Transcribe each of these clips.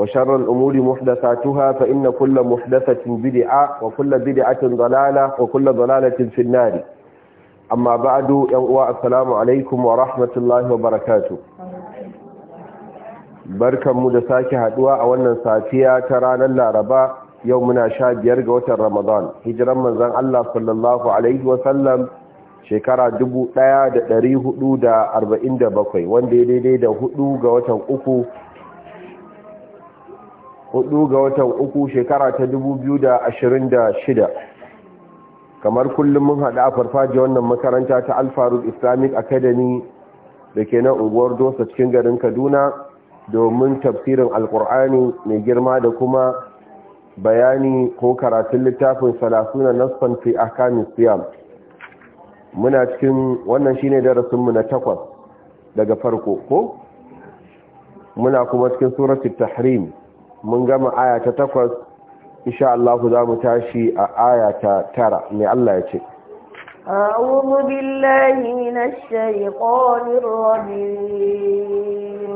وشر الأمور محدثاتها فإن كل محدثة بدعة وكل بدعة ضلالة وكل ضلالة في النار أما بعد يوء السلام عليكم ورحمة الله وبركاته بركة مدساك هدواء وانا ساتية ترانا اللارباء يومنا شاد يرقوة رمضان هجرا من زن الله صلى الله عليه وسلم shekara dubu ɗaya da da da ɗari hudu arba'in bakwai, wanda ya daidai da hudu ga watan uku hudu ga watan uku shekara ta dubu biyu da da shida. kamar kullum mun haɗu a farfaji wannan makaranta ta alfarud islamic academy da ke nan unguwar dosa cikin garin kaduna domin tafsirin alkur'ani mai girma da kuma bayani ko karatun littafin salasuna nasfan fi akamin siyam muna cikin wannan shine darasinmu na takwas daga farko ko muna kuma cikin suratul tahrim mun gama aya ta takwas insha Allah za mu tashi a aya ta tara mai Allah ya ce أعوذ بالله من الشيطان الرجيم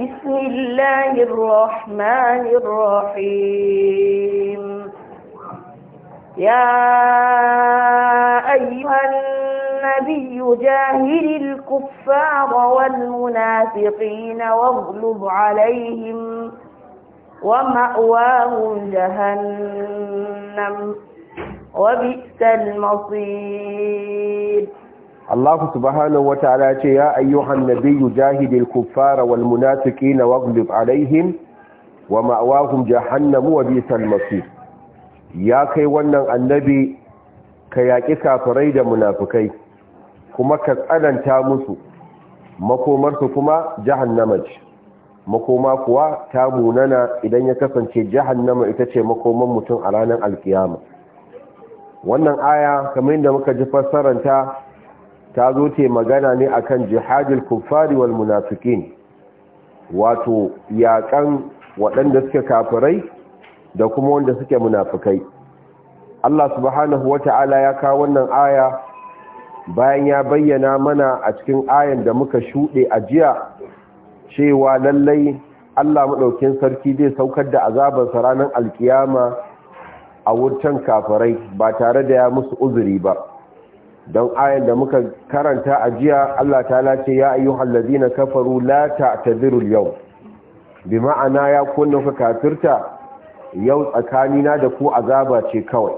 بسم الله الرحمن الرحيم يا أيها الناس النبي جاهل الكفار والمنافقين واغلب عليهم ومأواهم جهنم وبئس المصير الله سبحانه وتعالى يا أيها النبي جاهد الكفار والمنافقين واغلب عليهم ومأواهم جهنم وبئس المصير يا كي ونن النبي ka yaƙi kafirai da munafukai kuma ka tsananta musu makomarsu kuma jahannama ce makoma kuwa ta munana idan ya kasance jahannama ita ce makoman mutum a ranar alkiyama wannan aya kamar yadda muka ji fassaranta ta zo te magana ne akan jihadil kufari wal munafiqin wato yakan waɗanda suke kafirai da kuma wanda suke munafikai Allah subhanahu wata'ala ya kawo wannan aya bayan ya bayyana mana a cikin ayan da muka shuɗe a jiya cewa lallai Allah maɗaukin sarki zai saukar da azabansa ranar alkiyama a wutan kafarai ba tare da ya musu uzuri ba don ayan da muka karanta a jiya Allah ta lace ya ayyuhal na kafaru la ta'tadiru yau bi ma'ana ya kunna ka kafirta yau tsakanina da ku azaba ce kawai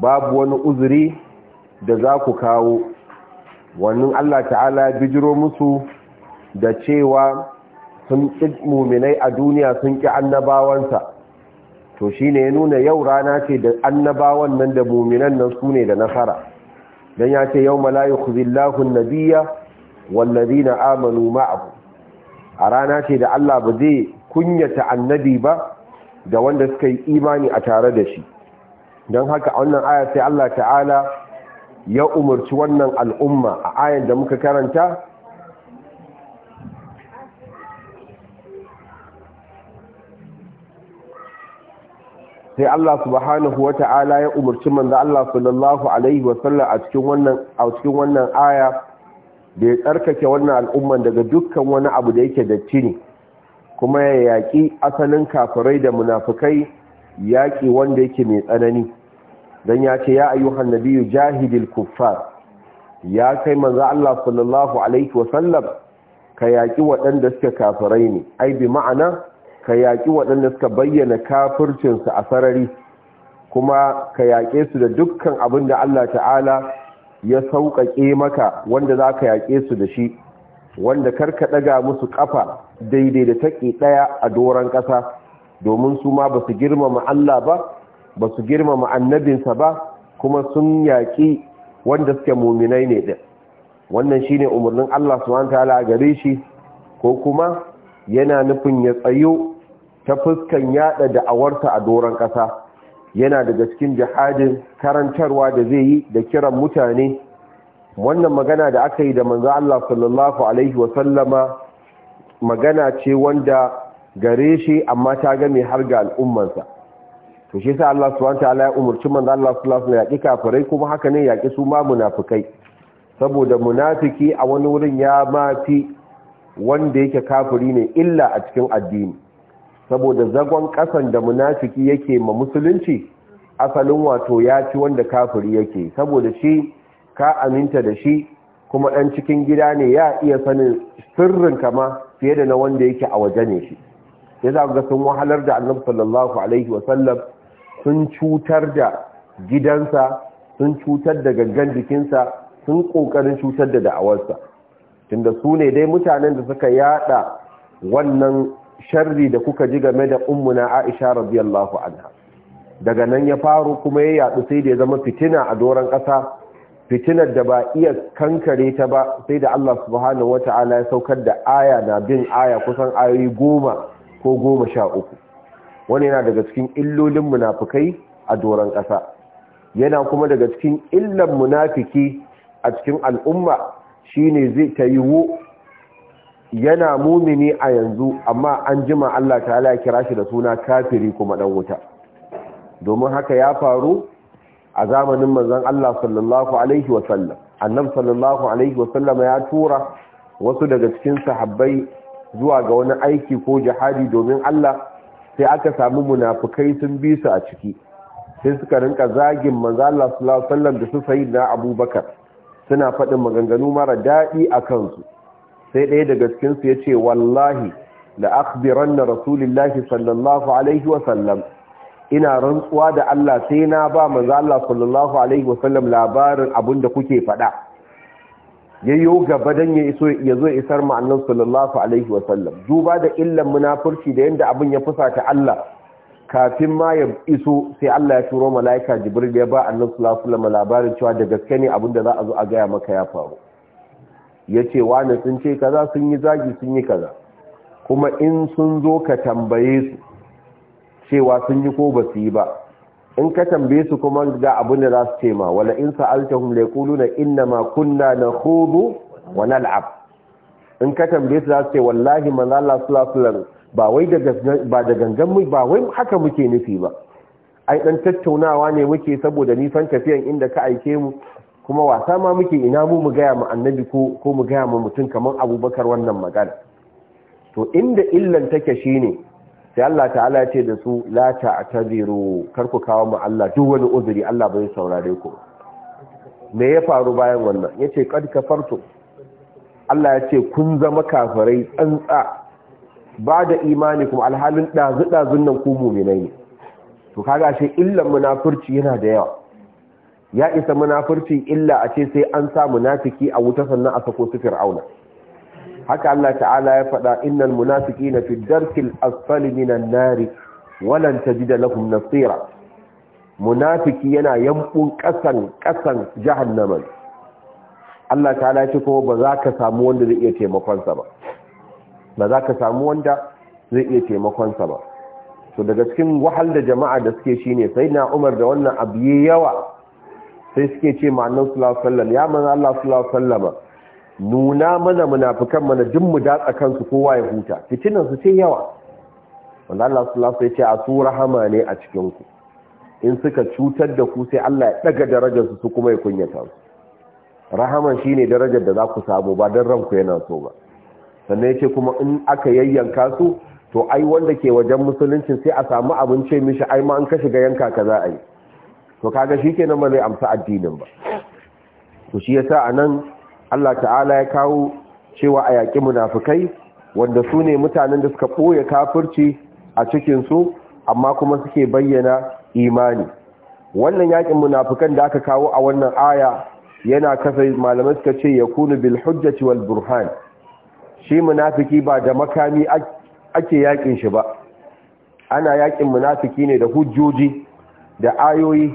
babu wani uzuri da za ku kawo wannan Allah ta'ala bijiro musu da cewa sun ƙi muminai a duniya sun ƙi annabawansa to shi ne ya nuna yau rana ce da annabawan nan da muminan nan su ne da nasara don ya ce yau malayi kuzillahun nabiya wallazi na amanu ma'abu a rana ce da Allah ba zai kunyata annabi ba da wanda suka yi imani a tare da shi don haka wannan aya sai Allah ta'ala ya umarci wannan al'umma a ayin da muka karanta sai Allah subhanahu Ta'ala ya umarci manzo Allah sallallahu alaihi wasallam a cikin wannan a cikin wannan aya da ya tsarkake wannan al'umman daga dukkan wani abu da yake datti ne kuma ya yaƙi asalin kafirai da munafukai yaƙi wanda yake mai tsanani don ya ce ya ayyuhan nabiyu jahidil kuffar ya kai manzo Allah sallallahu alaihi sallam ka yaki waɗanda suka kafirai ne ai bi ma'ana ka yaki waɗanda suka bayyana kafircinsu a sarari kuma ka yaƙe su da dukkan abin da Allah ta'ala ya sauƙaƙe maka wanda za ka yaƙe su da shi wanda karka ɗaga musu ƙafa daidai da taƙi ɗaya a doron ƙasa domin su ma ba su girmama Allah ba ba su girmama annabinsa ba kuma sun yaƙi wanda suke muminai ne ɗin wannan shi ne umarnin Allah ala a gare shi ko kuma yana nufin ya tsayo ta fuskan yada da'awarsa a doron ƙasa yana daga cikin jihadin karantarwa da zai yi da kiran mutane wannan magana da aka yi da manzo Allah sallallahu alaihi wa magana ce wanda gare shi amma ta game har ga al'ummansa to shi sa Allah subhanahu wataala ya umurci manzo Allah sallallahu alaihi wasallam ya kafirai kuma haka ne ya su ma munafikai saboda munafiki a wani wurin ya mafi wanda yake kafiri ne illa a cikin addini saboda zagon kasan da munafiki yake ma musulunci asalin wato ya ci wanda kafiri yake saboda shi ka aminta da shi kuma ɗan cikin gida ne ya iya sanin sirrin kama fiye da na wanda yake a waje ne shi ya za ga sun wahalar da annabi sallallahu alaihi wasallam sun cutar da gidansa sun cutar da gangan jikinsa sun ƙoƙarin cutar da da'awarsa tunda su ne dai mutanen da suka yada wannan sharri da kuka ji game da ummuna Aisha radiyallahu anha daga nan ya faru kuma ya yadu sai da ya zama fitina a doron ƙasa fitinar da ba iya kankare ta ba sai da Allah subhanahu wata'ala ya saukar da aya na bin aya kusan ayoyi goma ko goma sha uku wani yana daga cikin illolin munafikai a doron ƙasa yana kuma daga cikin illan munafiki a cikin al'umma shine zai ta yi wo. yana mumini a yanzu amma an jima Allah ta'ala ya kira shi da suna kafiri kuma ɗan wuta domin haka ya faru a zamanin manzon Allah sallallahu alaihi wa sallam sallallahu alaihi wa ya tura wasu daga cikin sahabbai zuwa ga wani aiki ko jihadi domin Allah sai aka sami munafukai sun bi su a ciki sai suka rinka zagin manzo Allah sallallahu alaihi wasallam da su sayyidina Abubakar suna faɗin maganganu mara daɗi a kansu sai ɗaya daga cikin su yace wallahi la akhbiranna rasulillahi sallallahu alaihi wasallam ina rantsuwa da Allah sai na ba manzo Allah sallallahu alaihi wasallam labarin abinda kuke faɗa Ya yi gaba dan ya iso ya zo isar ma sallallahu alaihi wasallam duba da illan munafurci da yadda abin ya fusata Allah kafin ma ya iso sai Allah ya turo malaika Jibril ya ba annan sallallahu alaihi labarin cewa da gaske ne abin da za a zo a gaya maka ya faru yace wani sun ce kaza sun yi zagi sun yi kaza kuma in sun zo ka tambaye su cewa sun yi ko ba su yi ba in ka tambaye su kuma ga abu ne za su ce ma wala in sa'altahum la yaquluna inna ma kunna nakhudu wa nal'ab in ka tambaye su za su ce wallahi manzo Allah sallallahu alaihi ba wai da ba da gangan mu ba wai haka muke nufi ba ai dan tattaunawa ne muke saboda nisan tafiyan inda ka aike mu kuma wasa ma muke ina mu mu gaya mu annabi ko ko mu gaya mu mutum kamar abubakar wannan magana to inda illan take shine sai Allah ta'ala ya ce da su la ta'tabiru kar ku kawo mu Allah duk wani uzuri Allah bai saurare ku me ya faru bayan wannan yace kad kafartu Allah ya ce kun zama kafirai tsantsa ba da imani kuma alhalin dazu dazun nan ku mu'minai ne to kaga sai illan munafurci yana da yawa ya isa munafurci illa a ce sai an sa munafiki a wuta sannan a sako su fir'auna haka Allah ta'ala ya faɗa innal munafiqina fi darkil asfali minan nari walan tajida lahum nasira munafiki yana yankun kasan kasan jahannama Allah ta'ala ya ce ko ba za ka samu wanda zai iya taimakon sa ba ba za ka samu wanda zai iya taimakon sa ba to daga cikin wahal da jama'a da suke shine sayyidina Umar da wannan abu yawa sai suke ce ma'annabi sallallahu alaihi wasallam ya manzo Allah sallallahu alaihi wasallam nuna mana munafukan mana duk mu datsa kansu kowa ya huta fitinan su sai yawa wanda Allah sallallahu alaihi wasallam ya ce a rahama ne a cikin ku in suka cutar da ku sai Allah ya daga darajar su kuma ya kunyata su rahaman shine darajar da za ku samu ba dan ranku yana so ba sannan yace kuma in aka yayyanka su to ai wanda ke wajen musuluncin sai a samu abin ce mishi ai ma an ka ga yanka ka kaza yi. to kaga shikenan ba zai amsa addinin ba to shi yasa anan Allah ta'ala ya kawo cewa a yaƙi munafukai wanda su ne mutanen da suka ɓoye kafirci a cikinsu amma kuma suke bayyana imani wannan yaƙin munafukan da aka kawo a wannan aya yana kasa malamai suka ce ya kunu bil hujjati wal burhan shi munafuki ba da makami ake yaƙin shi ba ana yaƙin munafuki ne da hujjoji da ayoyi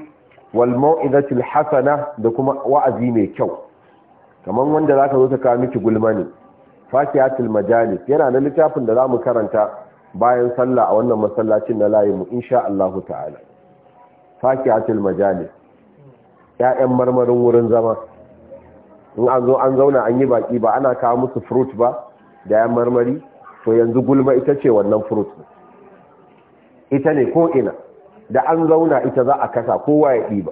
wal mau'izatil hasana da kuma wa'azi mai kyau kamar wanda za ka zo ta kawo miki gulma ne fasiyatul majalis yana da littafin da za mu karanta bayan sallah a wannan masallacin na layinmu insha Allah ta'ala fakihatul majalis ƴaƴan marmarin wurin zama in an zo an zauna an yi baki ba ana kawo musu fruit ba da ƴaƴan marmari to yanzu gulma ita ce wannan fruit ita ne ko ina da an zauna ita za a kasa kowa ya ɗiba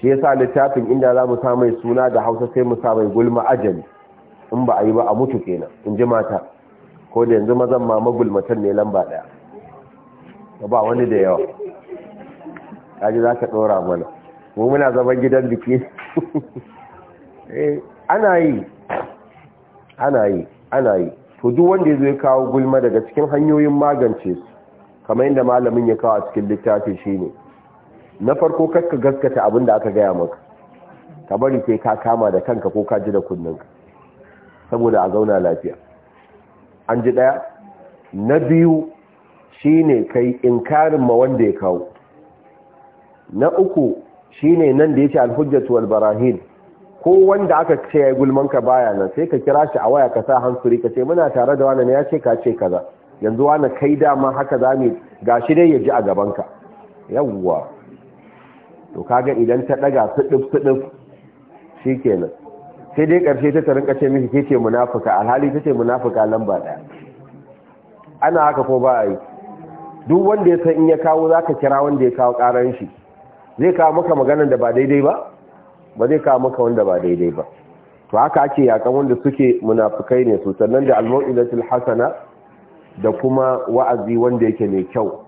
shi yasa littafin inda za mu sa mai suna da hausa sai mu sa mai gulma ajali in ba a yi ba a mutu kenan in ji mata ko da yanzu mazan ma magulmatan ne lamba ɗaya ba wani da yawa kaji za ka ɗora mana mu muna zaman gidan biki eh, ana yi ana yi ana yi to duk wanda zai kawo gulma daga cikin hanyoyin magance su kamar yadda malamin ya kawo a cikin littafi shine na farko kakka gaskata abin da aka gaya maka ka bari sai ka kama da kanka ko ka ji da kunninka saboda a zauna lafiya an ji daya na biyu shine kai inkarin ma wanda ya kawo na uku shine nan da yake alhujjatu wal barahin ko wanda aka ce ya gulman ka baya nan sai ka kira shi a waya ka sa hansuri ka ce muna tare da wani ya ce ka ce kaza yanzu wani kai dama haka zamu gashi dai ya ji a gaban ka yawwa to kaga idan ta daga fidif fidif shikenan sai dai karshe ta tarin ce miki kike munafika alhali tace munafika lamba daya ana haka ko ba ai duk wanda ya san in ya kawo zaka kira wanda ya kawo karan shi zai kawo maka maganar da ba daidai ba ba zai kawo maka wanda ba daidai ba to haka ake yakan wanda suke munafikai ne su sannan da almu'ilatul hasana da kuma wa'azi wanda yake mai kyau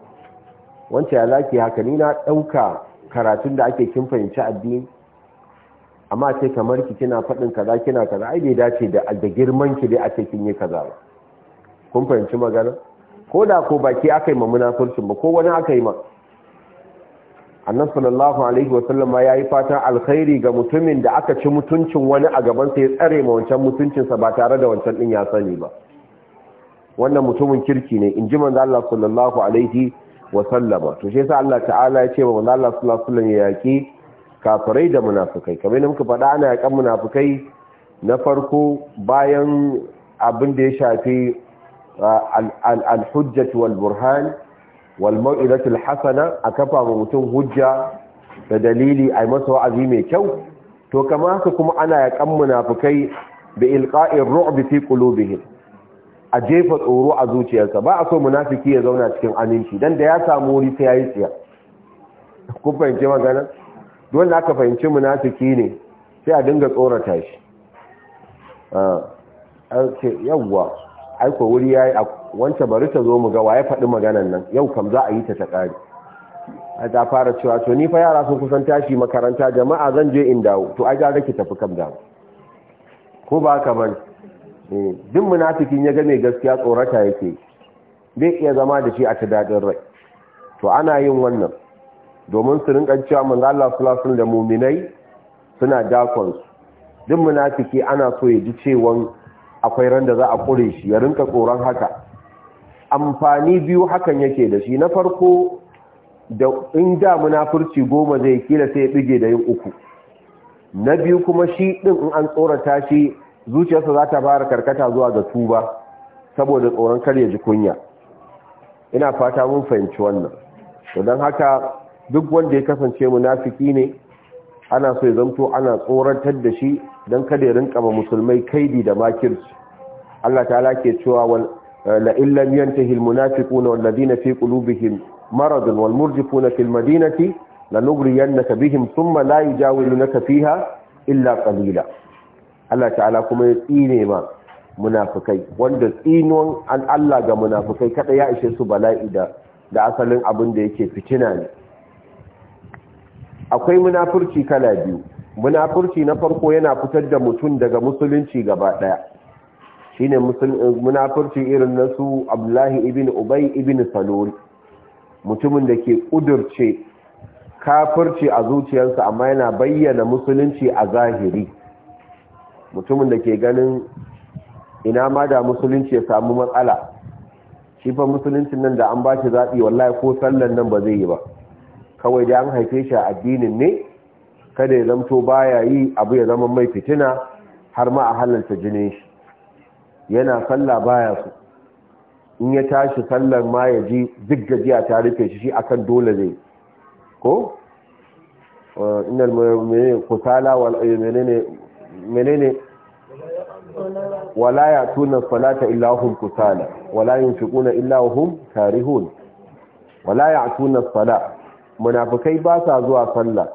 wancan ya zaki haka ni na dauka karatun da ake kin fahimci addini amma ce kamar ki kina faɗin kaza kina kaza ai bai dace da da girman ki dai a ce kin yi kaza ba kun fahimci magana ko da ko baki aka yi ma munafurcin ba ko wani aka yi ma annabi sallallahu alaihi wa sallam ya yi fatan alkhairi ga mutumin da aka ci mutuncin wani a gaban sa ya tsare ma wancan mutuncin sa ba tare da wancan din ya sani ba wannan mutumin kirki ne inji manzo Allah sallallahu alaihi Wasallama to shi yasa Allah ta'ala ya ce wa manzo Allah sallallahu alaihi wasallam ya yaki kafirai da munafikai kamar yadda muka faɗa ana yakan munafikai na farko bayan abin da ya shafi al-hujjatu wal burhan wal al-hasana a kafa mutum hujja da dalili ai masa wa'azi mai kyau to kamar haka kuma ana yakan munafikai bi ilqa'ir ru'b fi qulubihim a jefa tsoro a zuciyarsa ba a so munafiki ya zauna cikin aminci dan da ya samu wuri sai yayi tsiya kun fahimci magana dole aka fahimci munafiki ne sai a dinga tsorata shi ah, yawwa aiko wuri ya yi wancan bari ta zo mu ga waye faɗi maganan nan yau kam za a yi ta ta a ta fara cewa to ni fa yara sun kusan tashi makaranta jama'a zan je in dawo to ai ga ki tafi kam dawo ko ba ka bari Eh, duk munafikin ya game gaskiya tsorata yake bai iya zama da shi a ta dadin rai to ana yin wannan domin su rinka cewa manzo Allah sallallahu da mu'minai suna dakon su munafiki ana so ya ji cewa akwai ran da za a kure shi ya rinka tsoron haka amfani biyu hakan yake da shi na farko da in da munafurci goma zai kila sai ya bige da yin uku na biyu kuma shi ɗin in an tsorata shi zuciyarsa za ta fara karkata zuwa ga tuba saboda tsoron kar ji kunya ina fata mun fahimci wannan to don haka duk wanda ya kasance munafiki ne ana so ya zamto ana tsorantar da shi don kada ya rinka ba musulmai kaidi da makirci Allah ta'ala ke cewa wal eh, la illa yantahi al munafiquna wal ladina fi qulubihim maradun wal murjifuna fil madinati lanughriyannaka bihim thumma la yujawilunaka fiha illa qalila Allah ta'ala kuma ya tsine ma munafukai, wanda tsinon an Allah ga munafukai kada ya ishe su bala'i da da asalin abin da yake fitina ne akwai munafurci kala biyu munafurci na farko yana fitar da mutum daga musulunci gaba daya shine munafurci irin na su Abdullahi ibn Ubay ibn Salul mutumin da ke kudurce kafirci a zuciyarsa amma yana bayyana musulunci a zahiri mutumin da ke ganin ina ma da musulunci ya samu matsala shi fa musuluncin nan da an ba shi zaɓi wallahi ko sallan nan ba zai yi ba kawai da an haife shi a addinin ne kada ya zamto ya yi abu ya zama mai fitina har ma a halarta jinin shi yana sallah baya su in ya tashi sallar ma ya ji duk gajiya ta rufe shi shi akan dole zai ko innal mai kusala wal eh, ne? menene wala ya tuna salata illa hum kusala wala yunfiquna illa hum karihun wala ya tuna sala munafikai ba sa zuwa sallah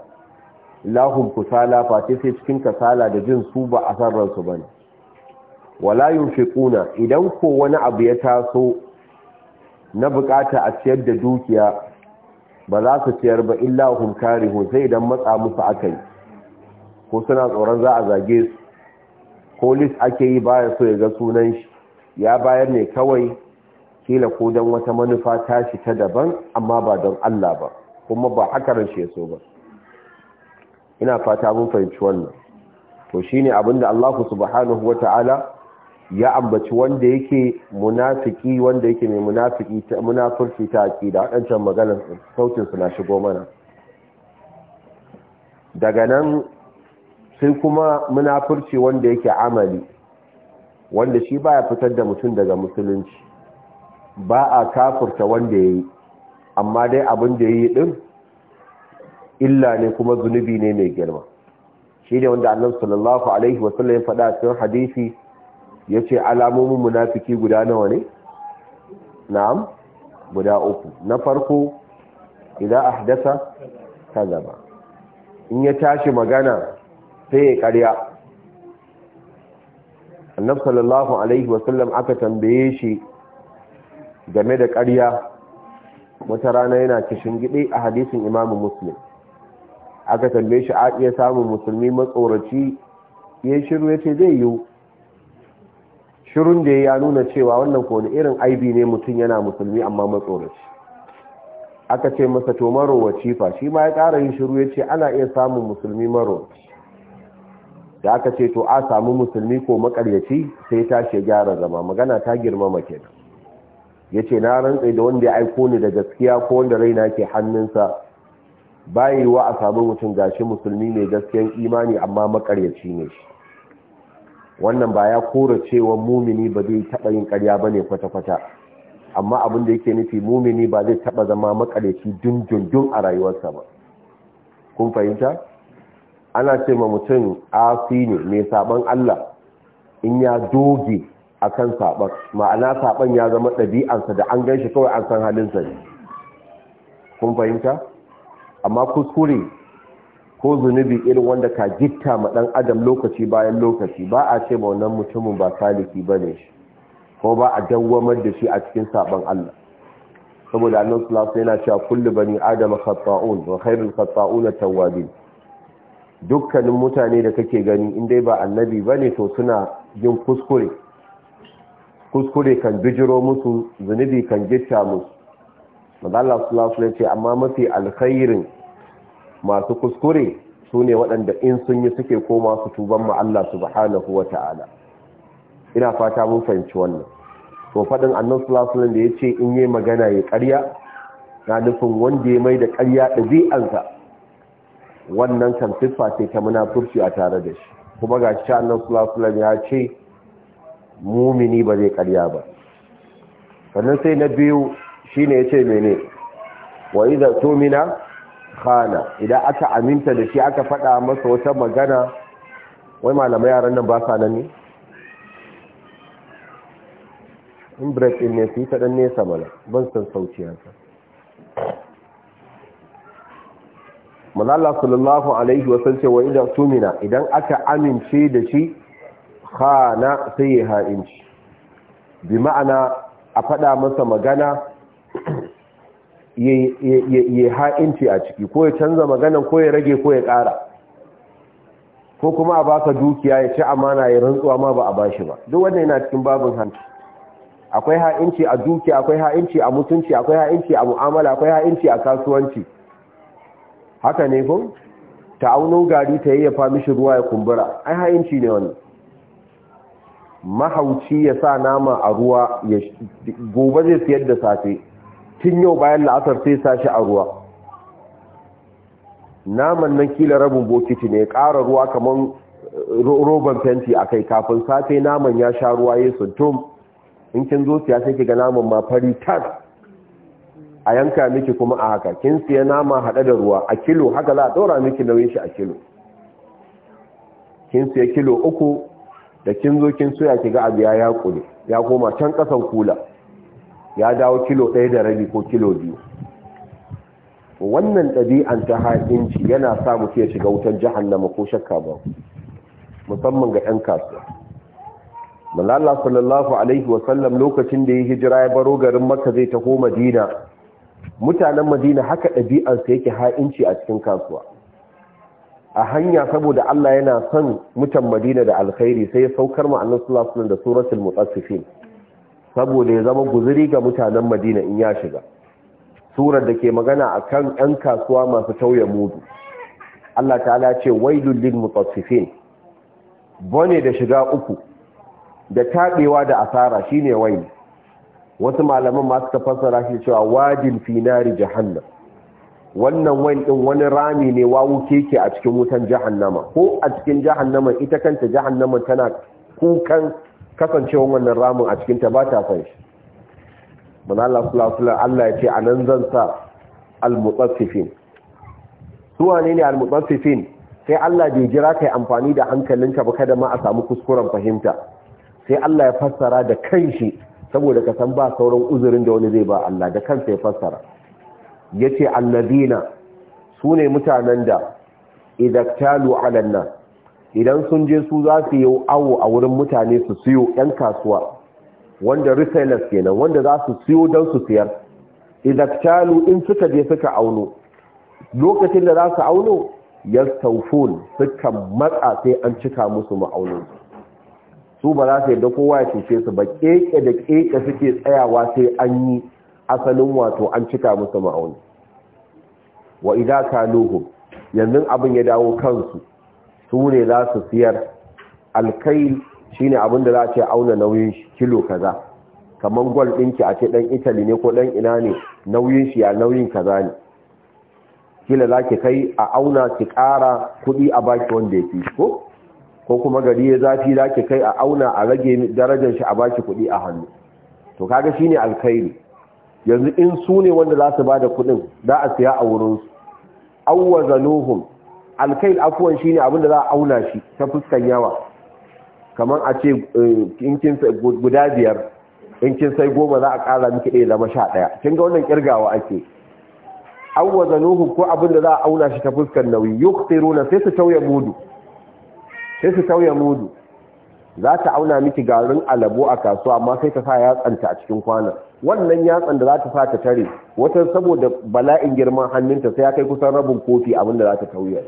hum kusala ce sai cikin kasala da jin su ba a san ransu bane wala yunfiquna idan ko wani abu ya taso na bukata a ciyar da dukiya ba za su ciyar ba illa hum karihun sai idan matsa musu akai ko suna tsoron za a zage su ko ake yi baya so ya ga sunan shi ya bayar ne kawai kila ko don wata manufa ta tashi ta daban amma ba don Allah ba kuma ba haka shi ya so ba ina fata mun fahimci wannan to shine abinda Allah subhanahu wataala ya ambaci wanda yake munafiki wanda yake mai munafiki ta munafurci ta akida wadancan maganar sautin su na shigo mana daga nan sai kuma munafurci wanda yake amali wanda shi baya fitar da mutum daga musulunci ba a kafurta wanda yayi amma dai abin da yayi din illa ne kuma zunubi ne mai girma shi ne wanda annabi sallallahu alaihi wasallam ya faɗa cikin hadisi yace alamomin munafiki guda nawa ne na'am guda uku na farko idan ahdasa kazaba in ya tashi magana sai ya karya annab sallallahu alaihi wasallam aka tambaye shi game da karya wata rana yana kishin gidi a hadisin imamu muslim aka tambaye shi a iya samun musulmi matsoraci ya shiru ya ce zai yiwu shirun da ya nuna cewa wannan kone irin aibi ne mutum yana musulmi amma matsoraci aka ce masa to marowaci cifa, shi ma ya ƙara yin shiru ya ce ana iya samun musulmi marowaci da aka ce to a samu musulmi ko makaryaci sai tashi ya gyara zama magana ta girmama kenan ce na rantse da wanda ya aiko ni da gaskiya ko wanda raina ke hannunsa wa a samu mutum gashi musulmi mai gaskiyan imani amma makaryaci ne shi wannan ba ya kora cewa mumini ba zai taɓa yin karya ba ne kwata-kwata amma abin da yake nufi mumini ba zai taɓa zama makaryaci dundundun a rayuwarsa ba kun fahimta ana ce ma mutum asi ne mai saban Allah in ya doge kan saban ma'ana saban ya zama ɗabi'ansa da an gan shi kawai an san halinsa ne kun fahimta amma kuskure ko zunubi irin wanda ka gitta ma ɗan adam lokaci bayan lokaci ba a ce ma wannan mutumin ba saliki ne shi ko ba a dawwamar da shi a cikin saban Allah saboda Allah subhanahu yana cewa kullu bani adam khata'un wa khairul na tawwabin dukkanin mutane da kake gani in dai ba annabi ba ne to suna yin kuskure kuskure kan bijiro musu zunubi kan gita musu madalla sulasula ce amma mafi alkhairin masu kuskure su ne waɗanda in sun yi suke koma su tuban ma Allah subhanahu wa ta'ala ina fata mun fahimci wannan to faɗin annan sulasulan da ya ce in yi magana ya ƙarya na nufin wanda ya mai da ƙarya ɗabi'ansa wannan kan siffa ce ta munafurci a tare da shi kuma ga shi annan sulasulam ya ce mumini ba zai karya ba sannan sai na biyu shine ya ce mene wa iza tumina khana idan aka aminta da shi aka faɗa masa wata magana wai malamai yaran nan ba sa nan ne in break in ne su yi ta nesa mana ban san sauciyarsa manzala sallallahu alaihi wasance wa idan tumina idan aka amince da shi khana sai ya ha'inci bi ma'ana a faɗa masa magana ya ha'inci a ciki ko ya canza magana, ko ya rage ko ya ƙara ko kuma a baka dukiya ya ci amana ya rantsuwa ma ba a bashi ba duk wanda yana cikin babin hanci akwai ha'inci a dukiya akwai ha'inci a mutunci akwai ha'inci a mu'amala akwai ha'inci a kasuwanci haka ne kun ta auno gari ta yayyafa mishi ruwa ya kumbura ai ha'inci ne wannan mahauci ya sa nama a ruwa ya gobe zai siyar da safe tun yau bayan la'asar sai sa shi a ruwa naman nan kila rabin bokiti ne ƙara ruwa kamar eh, roban fenti a kai kafin safe naman ya sha ruwa ya tum in kin zo siya sai ki ga naman ma fari tas a yanka miki kuma a haka kin siya nama hada da ruwa a kilo haka za a daura miki nauyin shi a kilo kin siya kilo uku da kin zo kin soya ki ga abu ya ya koma can kasan kula ya dawo kilo ɗaya da rabi ko kilo biyu wannan ɗabi'an ta haƙinci yana sa mutu ya shiga wutan jahannama ko shakka ba musamman ga 'yan kasuwa Allah sallallahu alaihi wasallam lokacin da ya hijira ya baro garin makka zai taho madina mutanen madina haka ɗabi'arsa yake ha'inci a cikin kasuwa a hanya saboda Allah yana son mutan madina da alkhairi sai ya saukar ma annabi da suratul mutaffifin saboda ya zama guzuri ga mutanen madina in ya shiga surar da ke magana a kan 'yan kasuwa masu tauye mudu Allah ta ala ce wai lullin mutaffifin bone da shiga uku da tabewa da asara shine ne. wasu malaman masu tafasara fassara shi cewa wajin finari jahannam wannan wain din wani rami ne wawu keke a cikin wutan jahannama ko a cikin jahannama ita kanta jahannama tana kukan kasancewar wannan ramin a cikin ta ba ta san shi mun Allah sallallahu alaihi Allah ya ce anan zan sa al-mutaffifin su wane ne al-mutaffifin sai Allah bai jira kai amfani da hankalinka ba kada ma a samu kuskuren fahimta sai Allah ya fassara da kanshi saboda ka san ba sauran uzurin da wani zai ba Allah da kansa ya fassara yace alladina sune mutanen da idaktalu alanna idan sun je su za su yi awo a wurin mutane su siyo yan kasuwa wanda retailers kenan wanda za su siyo don su siyar idaktalu in suka je suka auno lokacin da za su auno yastawfun sukan matsa sai an cika musu ma'auninsu su ba za su yadda kowa ya cuce su ba keke da keke suke tsayawa sai an yi asalin wato an cika musu ma'auni wa idan ka nuhu? yanzu abin ya dawo kansu su ne za su siyar alkail ne abin da za a ce auna nauyin kilo kaza kamar gwal ɗinki a ce ɗan italy ne ko ɗan ina ne nauyin shi ya nauyin kaza ne kila za ki kai a auna ki ƙara kuɗi a baki wanda ya fi ko ko kuma gari ya zafi za ki kai a auna a rage darajar shi a baki kuɗi a hannu to kaga shi ne alkhairi yanzu in su ne wanda za su ba da kuɗin za a siya a wurinsu zanuhum. alkhairi afuwan shine abin da za a auna shi ta fuskan yawa kamar a ce eh, in kin guda biyar in kin sai goma za a kara miki ɗaya zama sha ɗaya kin ga wannan kirgawa ake zanuhum ko abin da za a auna shi ta fuskan nauyi yuqtiruna sai su tauye mudu sai su sauya mudu za ta auna miki garin alabo a kasuwa amma sai ta sa yatsanta a cikin kwana wannan yatsan da za ta sa ta tare wata saboda bala'in girman hannunta sai ya kai kusan rabin kofi abinda za ta tauya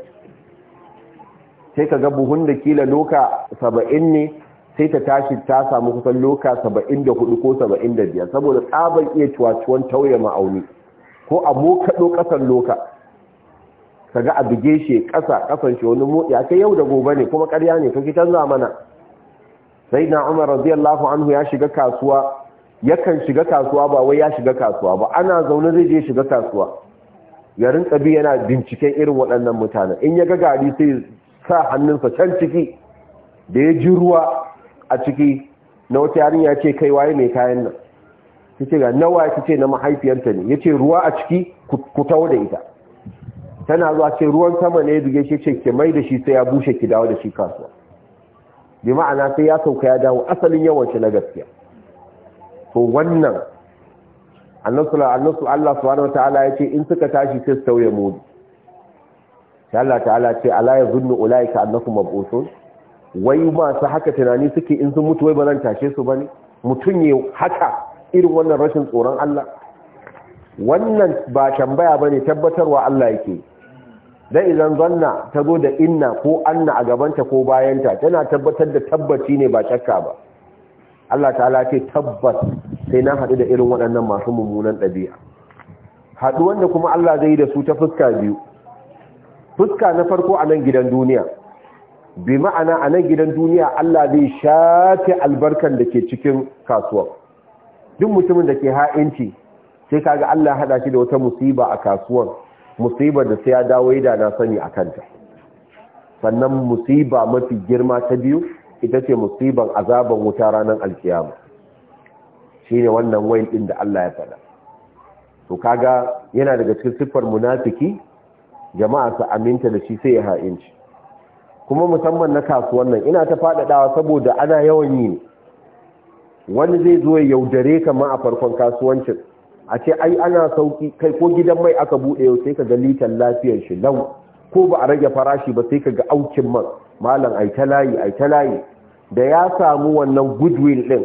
sai ka ga buhun da kila loka saba'in ne sai ta tashi ta samu kusan loka saba'in da hudu ko saba'in da biyar saboda tsaban iya cuwacuwan tauye ma'auni ko a mokaɗo ƙasar loka ka ga a buge shi ƙasa ƙasan shi wani motsi a kai yau da gobe ne kuma ƙarya ne to ki canza mana sai na umar radiyallahu anhu ya shiga kasuwa yakan shiga kasuwa ba wai ya shiga kasuwa ba ana zaune zai je shiga kasuwa ya rinka bi yana binciken irin waɗannan mutanen in ya ga gari sai sa hannunsa can ciki da ya ji ruwa a ciki na wata yarinya ce kai waye mai kayan nan ta ce ga nawa ya ce na mahaifiyarta ne ya ce ruwa a ciki ku tawo da ita tana zuwa ce ruwan sama ne buge shi ce ke mai da shi sai ya bushe ki dawo da shi kasuwa bi ma'ana sai ya sauka ya dawo asalin yawan shi na gaskiya to wannan annasu Allah subhanahu ya yace in suka tashi sai su mudu sai Allah ta'ala ce ala yazunnu ulaika annahum mab'uthun wai masu haka tunani suke in sun mutu wai ba zan tashe su bane Mutum ya haka irin wannan rashin tsoron Allah wannan ba tambaya bane tabbatarwa Allah yake dan idan zanna ta zo da inna ko anna a gabanta ko bayanta tana tabbatar da tabbaci ne ba shakka ba Allah ta'ala ce tabbas sai na haɗu da irin waɗannan masu mummunan ɗabi'a haɗu wanda kuma Allah zai yi da su ta fuska biyu fuska na farko a nan gidan duniya bi ma'ana a nan gidan duniya Allah zai shafe albarkan da ke cikin kasuwa duk mutumin da ke ha'inci sai kaga Allah haɗa shi da wata musiba a kasuwan musibar da sai ya dawo da na sani a kanta sannan musiba mafi girma ta biyu ita ce musiban azaban wuta ranar alkiyama ne wannan wayan ɗin da Allah ya faɗa to kaga yana daga cikin siffar munafiki jama'a su aminta da shi sai ya ha'inci kuma musamman na kasuwan nan ina ta faɗaɗawa saboda ana yawan yi ne. wani zai zo ya yaudare kamar a farkon kasuwancin a ce ai ana sauki kai ko gidan mai aka bude yau sai ka ga litan lafiyar shi lau ko ba a rage farashi ba sai ka ga aukin man malam ai ta layi ai ta layi da ya samu wannan goodwill din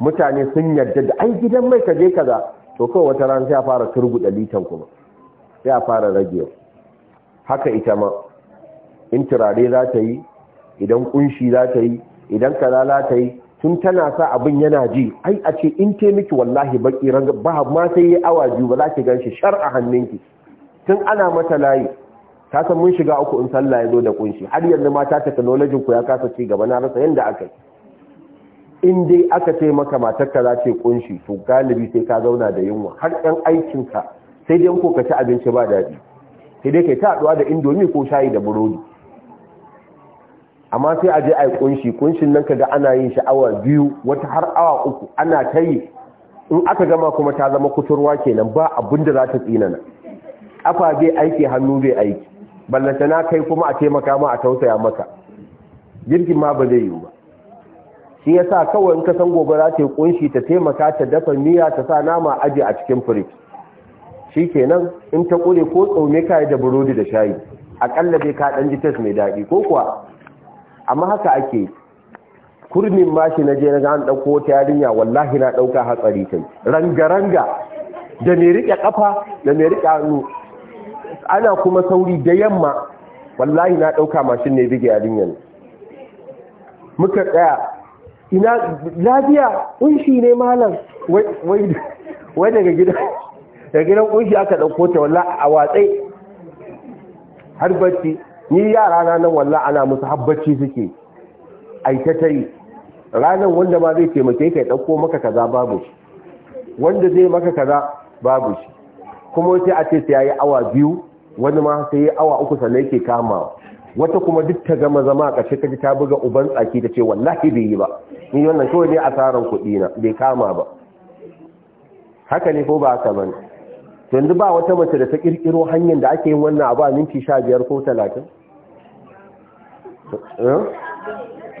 mutane sun yarda da ai gidan mai kaje kaza to kawai wata rana sai a fara turguda litan kuma sai a fara rage haka ita ma in turare za ta yi idan kunshi za ta yi idan kaza za ta yi tun tana sa abin yana ji ai a ce in te miki wallahi baki ranga ba ma sai yi awa biyu ba za ki shi shar a hannunki tun ana mata layi ta san mun shiga uku in sallah ya zo da kunshi har yanzu mata technology ku ya kasa ci gaba na rasa yanda aka yi in dai aka ce maka matar ka za ce kunshi to galibi sai ka zauna da yunwa har ɗan aikinka sai dai ko ka ci abinci ba daɗi sai dai kai ta haɗuwa da indomi ko shayi da burodi amma sai a je a yi kunshi kunshin nan kaga ana yin shi awa biyu wata har awa uku ana ta yi in aka gama kuma ta zama kuturwa kenan ba abin da za ta tsinana afa bai aiki hannu bai aiki ballanta na kai kuma a taimaka ma a tausaya maka girkin ma ba zai yi ba shi yasa kawai in ka san gobe za ta yi kunshi ta taimaka ta dafa miya ta sa nama aji a cikin firij Shi kenan in ta kure ko tsaume kai da burodi da shayi akalla dai ka ɗan ji tes mai daɗi ko kuwa amma haka ake kurmin bashi na je na an dauko ta yarinya wallahi na dauka hatsari kai ranga ranga da me rike kafa da me rike hannu ana kuma sauri da yamma wallahi na dauka mashin ne bige yarinyan muka tsaya ina lafiya kunshi ne malam wai wai daga gida daga gidan kunshi aka dauko ta wallahi a watsai har barci. ni yara ranar wallah ana musu habbaci suke tai ranar wanda ma zai taimake ka ya ɗauko maka kaza babu shi wanda zai maka kaza babu shi kuma sai a ce sai yayi awa biyu wani ma sai awa uku sannan yake kama. wata kuma duk ta gama zama a ƙarshe kaji ta buga uban tsaki ta ce wallahi bai yi ba ni wannan kawai ne asaran kuɗi na bai kama ba haka ne ko ba haka bane yanzu ba wata mace da ta kirkiro hanyar da ake yin wannan abu a minti sha biyar ko talatin eh?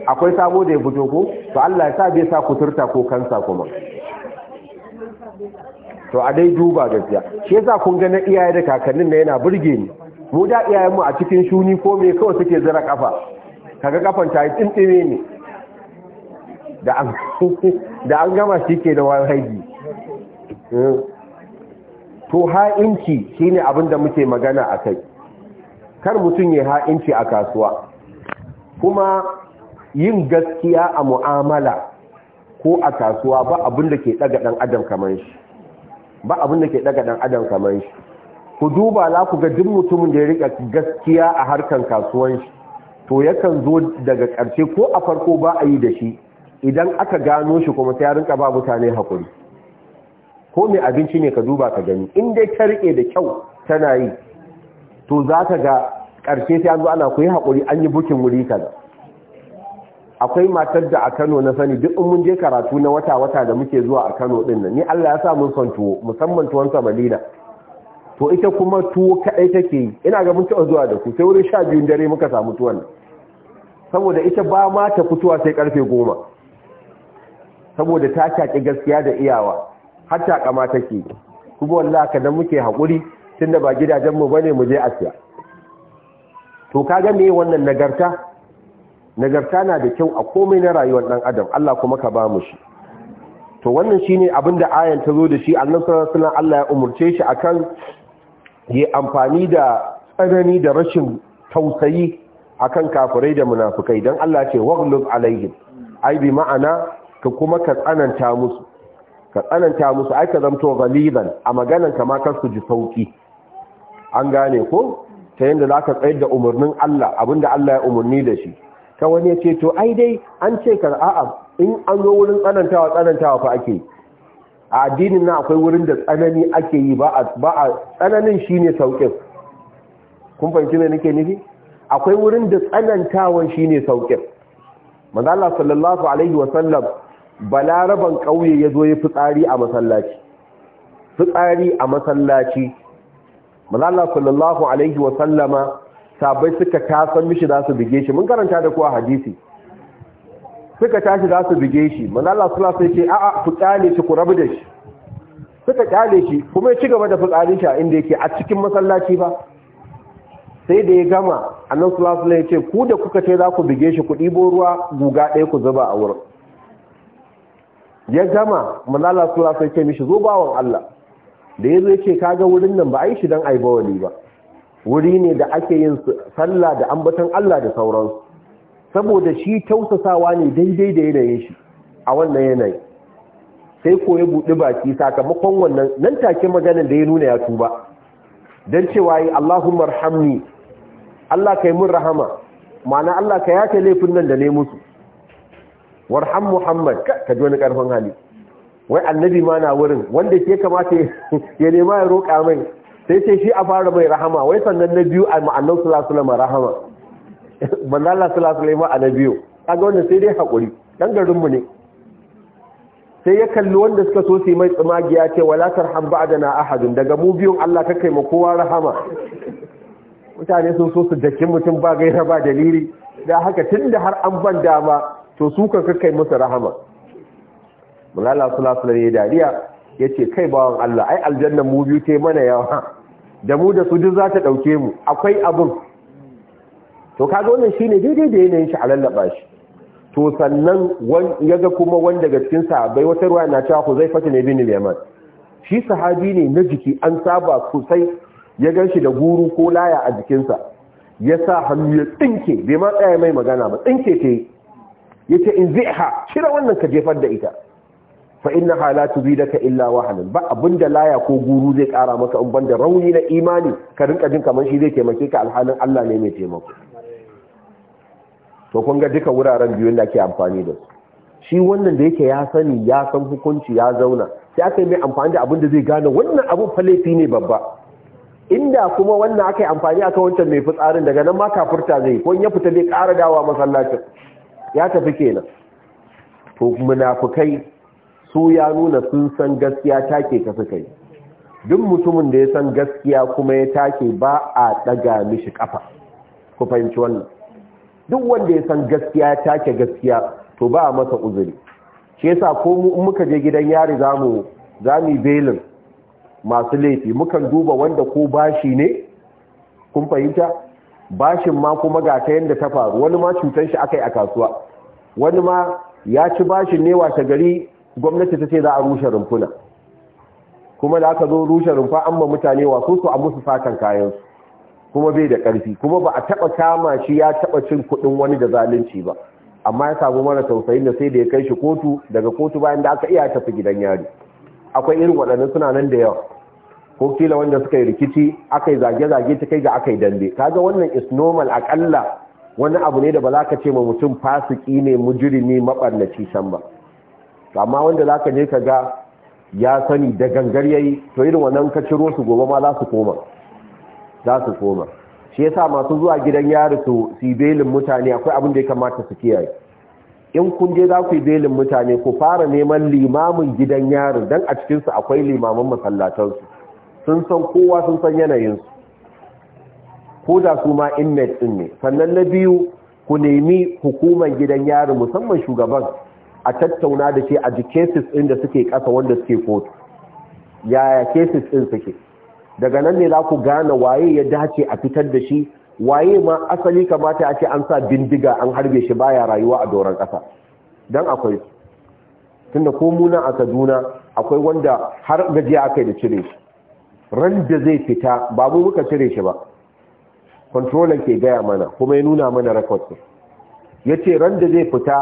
akwai sabo da ya fito ko to Allah ya sa bai sa kuturta ko kansa kuma to a dai duba gaskiya shi yasa kun ga na iyaye da kakannin na yana burge ni mu da iyayen mu a cikin shuni ko me kawai suke zira kafa kaga kafan ta yi tsintsime ne da an gama shi ke da wayo haji eh? to ha'inci shine abin da muke magana a kai kar mutum ya ha'inci a kasuwa kuma yin gaskiya a mu'amala ko a kasuwa ba abin da ke daga dan adam kamar shi ba abin da ke daga dan adam kamar shi ku duba za ku ga duk mutumin da ya rika gaskiya a harkan kasuwan shi to yakan zo daga karshe ko a farko ba a yi da shi idan aka gano shi kuma sai ya rinka ba mutane hakuri ko mai abinci ne ka duba ka gani in dai ta rike da kyau tana yi to za ka ga ƙarshe sai an zo ana koyi haƙuri an yi bukin wuri kaza akwai matar da a Kano na sani duk in mun je karatu na wata-wata da muke zuwa a Kano ɗin nan ni Allah ya sa mun son tuwo musamman tuwon samalina to ita kuma tuwo kaɗai take yi ina ga mun taɓa zuwa da ku sai wurin sha biyun dare muka samu tuwon saboda ita ba ma ta fitowa sai karfe goma saboda ta shaƙi gaskiya da iyawa hatta kama take kuma wallahi ka muke hakuri tunda ba gidajen mu bane mu je asiya to kaga me wannan nagarta nagarta na da kyau a komai na rayuwar dan adam Allah kuma ka ba mu shi to wannan shine abinda ayan ta zo da shi Allah sallallahu alaihi Allah ya umurce shi akan yi amfani da tsanani da rashin tausayi akan kafirai da munafikai dan Allah ce waghlub alaihim ai bi ma'ana ka kuma ka tsananta musu ka tsananta musu ai ka zamto ghalidan a maganan kama ma su ji sauki an gane ko ta za ka tsayar da umarnin Allah abinda Allah ya umarni da shi ta wani ya ce to ai dai an ce ka a'a in an zo wurin tsanantawa tsanantawa fa ake a addinin na akwai wurin da tsanani ake yi ba a tsananin shi ne saukin kun fahimci me nake nufi akwai wurin da tsanantawan ne saukin manzo Allah sallallahu alaihi wa sallam balaraban ƙauye ya zo ya fitsari a masallaci fitsari a masallaci malala sallallahu alaihi wasallama sabai suka kasan mishi za su bige shi mun karanta da kuwa hadisi suka tashi za su bige shi malala sallallahu alaihi ce a'a ku kyale shi ku rabu da shi suka kyale shi kuma ya ci gaba da fitsari shi a inda yake a cikin masallaci ba sai da ya gama annan sallallahu ya ce ku da kuka ce za ku bige shi ku ɗibo ruwa guga ɗaya ku zuba a wurin ya gama mu sura sai ce mishi zo bawon Allah da yazo yace kaga wurin nan ba a yi shi dan aibawali ba wuri ne da ake yin sallah da ambaton Allah da sauransu saboda shi tausasawa ne daidai da yanayin shi a wannan yanayi sai ko ya buɗi baki sakamakon wannan nan take maganar da ya nuna ya tuba dan cewa yi Allahumma Allah kai mun rahama ma'ana Allah ka yace laifin nan da ne musu warham muhammad ka ji wani karfin hali wai annabi ma na wurin wanda ke kamata ya nema ya roƙa mai sai ce shi a fara mai rahama wai sannan na biyu a ma'annan ma rahama manzala ma a na biyu a ga wanda sai dai haƙuri ɗan garinmu ne sai ya kalli wanda suka so su mai tsumagiya ce wala tarham ba'dana ahadun daga mu biyun Allah ka kai kowa rahama mutane sun so su jakin mutum ba gaira ba dalili da haka tunda har an ban dama to su ka kai masa rahama mulala sulasula ne dariya ya ce kai bawan Allah ai aljannan mu biyu te mana yawa da mu da su duk za ta ɗauke mu akwai abin to kaga wannan shine daidai da yanayin shi a lallaba shi to sannan ya ga kuma wanda daga cikin sahabai wata ruwa na cewa ku zai fata ne bin yaman shi sahabi ne na jiki an saba sosai ya gan shi da guru ko laya a jikinsa ya sa hannu ya tsinke bai ma tsaya mai magana ba tsinke ta yace in ziha shira wannan ka jefar da ita fa inna hala tubidaka illa wahalan ba abinda laya ko guru zai kara maka in banda rauni na imani ka rinka jin kamar shi zai taimake ka alhalin Allah ne mai taimako to kun ga duka wuraren biyu da ake amfani da su shi wannan da yake ya sani ya san hukunci ya zauna sai aka mai amfani da abin zai gane wannan abu falefi ne babba inda kuma wannan aka yi amfani aka wancan mai fitsarin daga nan ma kafurta zai ko in ya fita zai kara dawa masallacin ya tafi kenan to munafukai su ya nuna sun san gaskiya take ka suka yi duk mutumin da ya san gaskiya kuma ya take ba a daga mishi kafa ku fahimci wannan duk wanda ya san gaskiya ya take gaskiya to ba a masa uzuri shi yasa ko mu muka je gidan yari zamu zamu belin masu laifi mukan duba wanda ko bashi ne kun fahimta bashin ma kuma ga ta yadda ta faru wani ma cutar shi aka yi a kasuwa wani ma ya ci bashin ne washe gari gwamnati ta ce za a rushe rumfuna kuma da aka zo rushe rumfa an ma mutane wa su a musu satan kayansu kuma bai da ƙarfi kuma ba a taba kama shi ya taba cin kuɗin wani da zalunci ba amma ya samu mara tausayin da sai da ya kai shi kotu daga kotu bayan da aka iya tafi gidan yari akwai irin waɗannan suna nan da yawa ko kila wanda suka yi rikici aka yi zage-zage ta kai ga aka yi dambe kaga wannan is normal akalla wani abu ne da ba za ka ce ma mutum fasiki ne mujirimi mabarnaci san ba amma wanda za ka je ka ga ya sani da gangar yayi to irin wannan ka ciro su gobe ma za su koma za su koma shi yasa masu zuwa gidan yari su si belin mutane akwai abin da ya kamata su kiyaye in kun je za ku yi belin mutane ku fara neman limamin gidan yari dan a cikin su akwai limaman masallatansu sun san kowa sun san su, ko da su ma inmate din ne sannan na biyu ku nemi hukumar gidan yari musamman shugaban a tattauna da ke a ji cases ɗin da suke kasa wanda suke kotu yaya cases ɗin suke daga nan ne za ku gane waye ya dace a fitar da shi waye ma asali kamata a ce an sa bindiga an harbe shi baya rayuwa a doron kasa don akwai tunda ko muna a kaduna akwai wanda har gajiya aka yi da cire shi Randa zai fita babu muka cire shi ba controller ke gaya mana kuma ya nuna mana record din yace ran da zai fita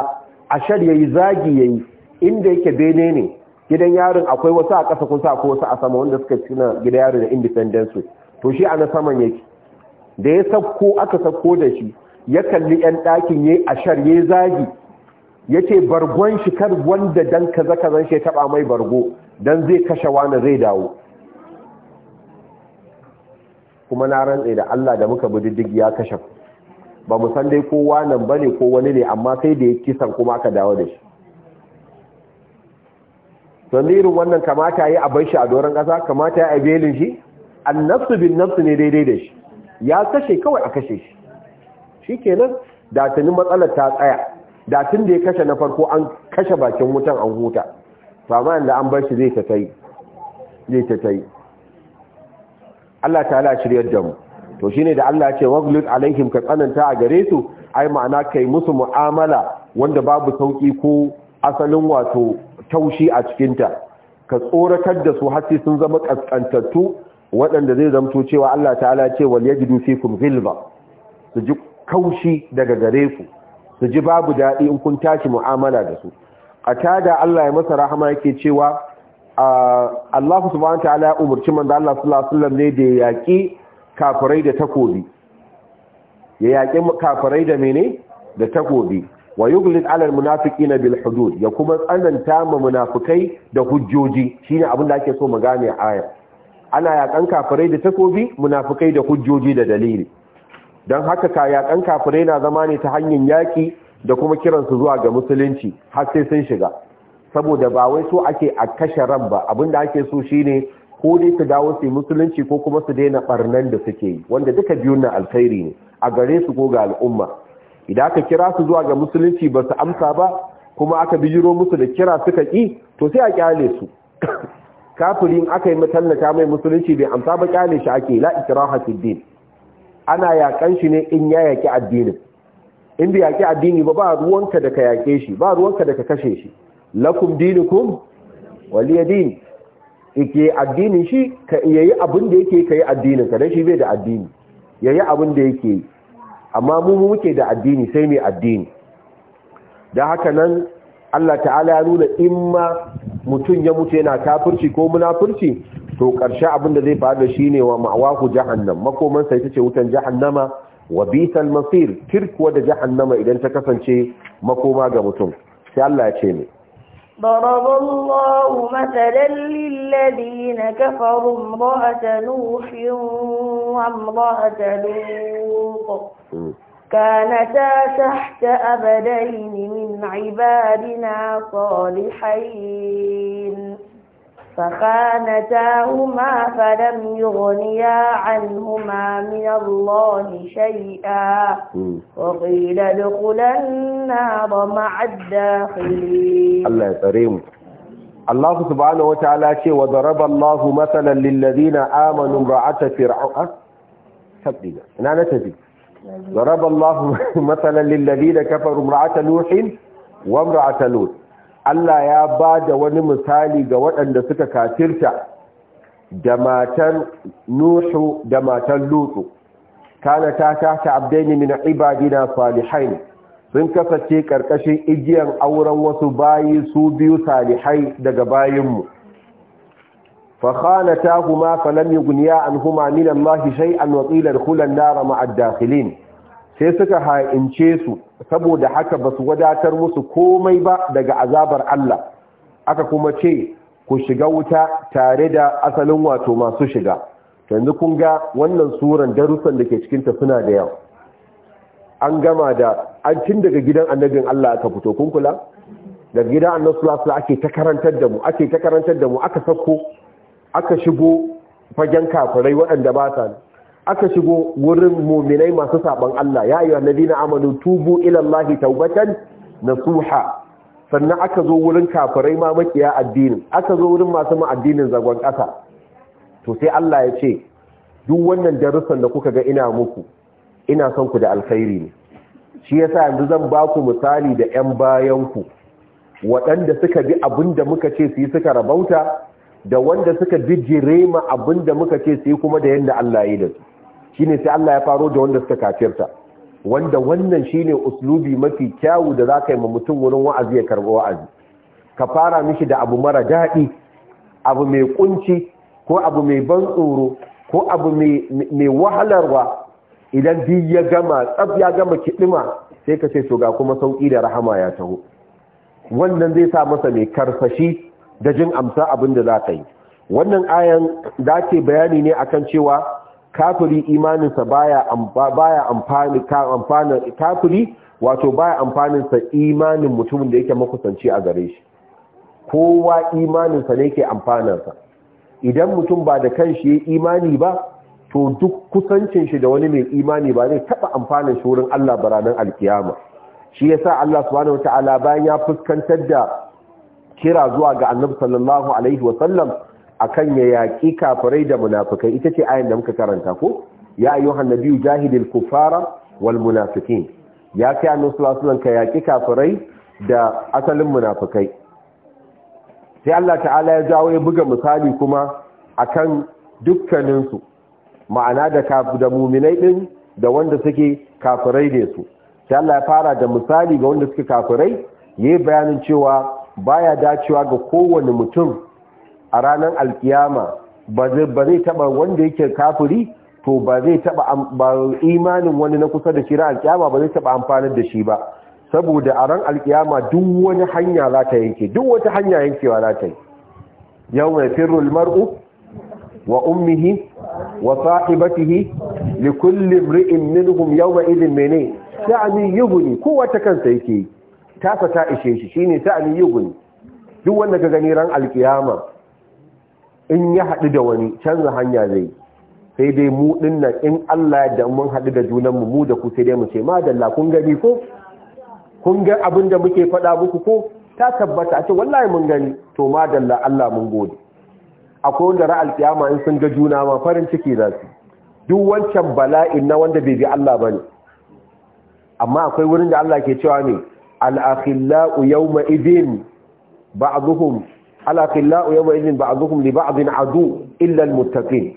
a ashar yayi zagi yayi inda yake bene ne gidan yarin akwai wasu a kasa kusa ko wasu a sama wanda suka cina gida yarin da independence to shi a na saman yake da ya sauko aka sauko da shi ya kalli yan ɗakin yayi ashar yayi zagi yace bargon shi kar wanda dan kaza kazan shi ya taɓa mai bargo dan zai kashe wani zai dawo kuma na rantse da Allah da muka bi ya kashe ba mu san dai kowa nan bane ko wani ne amma sai da ya kisan kuma aka dawo da shi don irin wannan kamata a bar shi a doron ƙasa kamata a belin shi an bin nafsu ne daidai da shi ya kashe kawai a kashe shi shi kenan tuni matsalar ta tsaya da tun da ya kashe na farko an kashe bakin wutan an huta to amma an bar shi zai ta tai zai ta tai Allah Ta shiryar da mu to shine da Allah ya ce waglud alaihim ka tsananta a gare su ai ma'ana kai musu mu'amala wanda babu sauki ko asalin wato taushi a cikin ta ka tsoratar da su har sun zama kaskantattu waɗanda zai zamto cewa Allah ta ala ce wal yajidu fikum ghilza su ji kaushi daga gare ku su ji babu daɗi in kun tashi mu'amala da su a tada Allah ya masa rahama yake cewa Allah subhanahu ta'ala ya umarci manzo Allah sallallahu alaihi wasallam ne da yaƙi kafirai da takobi ya yaƙi kafirai da mene da takobi wa yughlid ala almunafiqina bil hudud ya kuma tsananta ma munafikai da hujjoji shine abin da ake so mu gane a aya. ana yaƙan kafirai da takobi munafikai da hujjoji da dalili don haka ka yaƙan kafirai na zama ne ta hanyar yaƙi da kuma kiransu zuwa ga musulunci har sai sun shiga saboda ba wai so ake a kashe ran ba abin da ake so shine ko dai su dawo su musulunci ko kuma su daina barnan da suke yi wanda duka biyun na alkhairi ne a gare su ko ga al'umma idan aka kira su zuwa ga musulunci ba su amsa ba kuma aka bijiro musu da kira suka ki to sai a kyale su kafirin aka yi matallata mai musulunci bai amsa ba kyale shi ake la ikraha fid din ana yakan shi ne in ya yaki addinin in bai yaki addini ba ba ruwanka da ka yake shi ba ruwanka da ka kashe shi lakum dinukum waliyadin din yake addinin shi yayi abin da yake kai addinin ka dan shi bai da addini yayi abin da yake amma mu muke da addini sai mai addini da haka nan Allah ta'ala ya nuna in ma mutum ya mutu yana kafirci ko munafirci to karshe abin da zai faru da shi ne wa ma'awahu jahannam makoman sai tace wutan jahannama wa bisal masir tirkuwa da jahannama idan ta kasance makoma ga mutum sai Allah ya ce mai ضرب الله مثلا للذين كفروا امرأة نوح وامرأة لوط كانتا تحت أبدين من عبادنا صالحين فخانتاهما فلم يغنيا عنهما من الله شيئا وقيل ادخلا النار مع الداخلين الله يكرم الله سبحانه وتعالى شيء وضرب الله مثلا للذين آمنوا امرأة فرعون تبدينا أنا نتبي ضرب الله مثلا للذين كفروا امرأة نوح وامرأة لوط Allah ya ba da wani misali ga waɗanda suka kafirta da matan Nuhu da matan Lutu kana ta tahta abdaini min ibadina salihain sun kasance ƙarƙashin igiyan auren wasu bayi su biyu salihai daga bayinmu fa khanatahuma falam yughniya anhuma min Allah shay'an shai qila dukhulan nar ma'a ad sai suka ha'ince su saboda haka ba su wadatar musu komai ba daga azabar Allah aka kuma ce ku shiga wuta tare da asalin wato masu shiga yanzu kun ga wannan suran darussan da ke cikinta suna da yawa an gama da an cin daga gidan annabin Allah aka fito kun kula daga gidan annabin Allah ake ta karantar da mu ake ta karantar da mu aka sako aka shigo fagen kafirai waɗanda ba sa aka shigo wurin muminai masu saban Allah ya nabi na amalin tubu Ilallahi, Taubatan na nasuha sannan aka zo wurin kafirai ma makiya addinin aka zo wurin masu ma'addinin zagon ƙasa to sai Allah ya ce duk wannan darussan da kuka ga ina muku ina son ku da alkhairi ne shi yasa yanzu zan ba ku misali da ƴan bayan ku waɗanda suka bi abin da muka ce su yi suka rabauta da wanda suka bijire ma abin da muka ce su yi kuma da yadda Allah ya yi da su shine sai Allah ya faro da wanda suka kafirta wanda wannan shine uslubi mafi kyawu da zaka yi ma mutum wurin wa'azi ya karbi wa'azi ka fara mishi da abu mara daɗi abu mai kunci ko abu mai ban tsoro ko abu mai wahalarwa idan bi ya gama tsaf ya gama kiɗima sai ka ce to kuma sauƙi da rahama ya taho wannan zai sa masa mai karfashi da jin amsa abin da za ka yi wannan ayan da ke bayani ne akan cewa kafiri imaninsa baya baya amfani ka kafiri wato baya amfanin imanin mutumin da yake makusanci a gare shi kowa imaninsa ne yake amfaninsa. idan mutum ba da kanshi ya imani ba to duk kusancin shi da wani mai imani ba zai taba amfanin shi wurin Allah baranan alkiyama shi yasa Allah subhanahu wataala bayan ya fuskantar da kira zuwa ga Annabi sallallahu alaihi wa sallam akan ya yaƙi kafirai da munafikai ita ce ayan da muka karanta ko ya ayyuhan nabiyyu jahidil kufara wal munafikin ya kai annabi sallallahu alaihi ka yaƙi kafirai da asalin munafukai. sai Allah ta'ala ya jawo ya buga misali kuma akan dukkaninsu ma'ana da da muminai din da wanda suke kafirai ne su sai Allah ya fara da misali ga wanda suke kafirai yayi bayanin cewa baya dacewa ga kowane mutum a ranar alkiyama ba zai taba wanda yake kafiri to ba zai taba imanin wani na kusa da shi ran alkiyama ba zai taba amfani da shi ba saboda a ran alkiyama duk wani hanya za ta yanke duk wata hanya yankewa za ta yi yau mai firul mar'u wa ummihi wa sahibatihi li kulli imri'in minhum yawma idhin mene sha'ani yughni ko wata kansa yake tasa ta ishe shi shine sha'ani yughni duk wanda ka gani ran alkiyama in ya haɗu da wani canza hanya zai sai dai mu dinnan in Allah da mun haɗu da junanmu mu da ku sai dai mu ce Ma da kun gani ko kun ga abin da muke faɗa muku ko ta tabbata a ce wallahi mun gani to ma da Allah mun gode akwai wanda ra'al kiyama in sun ga juna ma farin ciki za su duk wancan bala'in na wanda bai bi Allah bane amma akwai wurin da Allah ke cewa ne al-akhillau yawma idin ba'dhum alafillahu yawma idin ba'dhukum li ba'din adu illa almuttaqin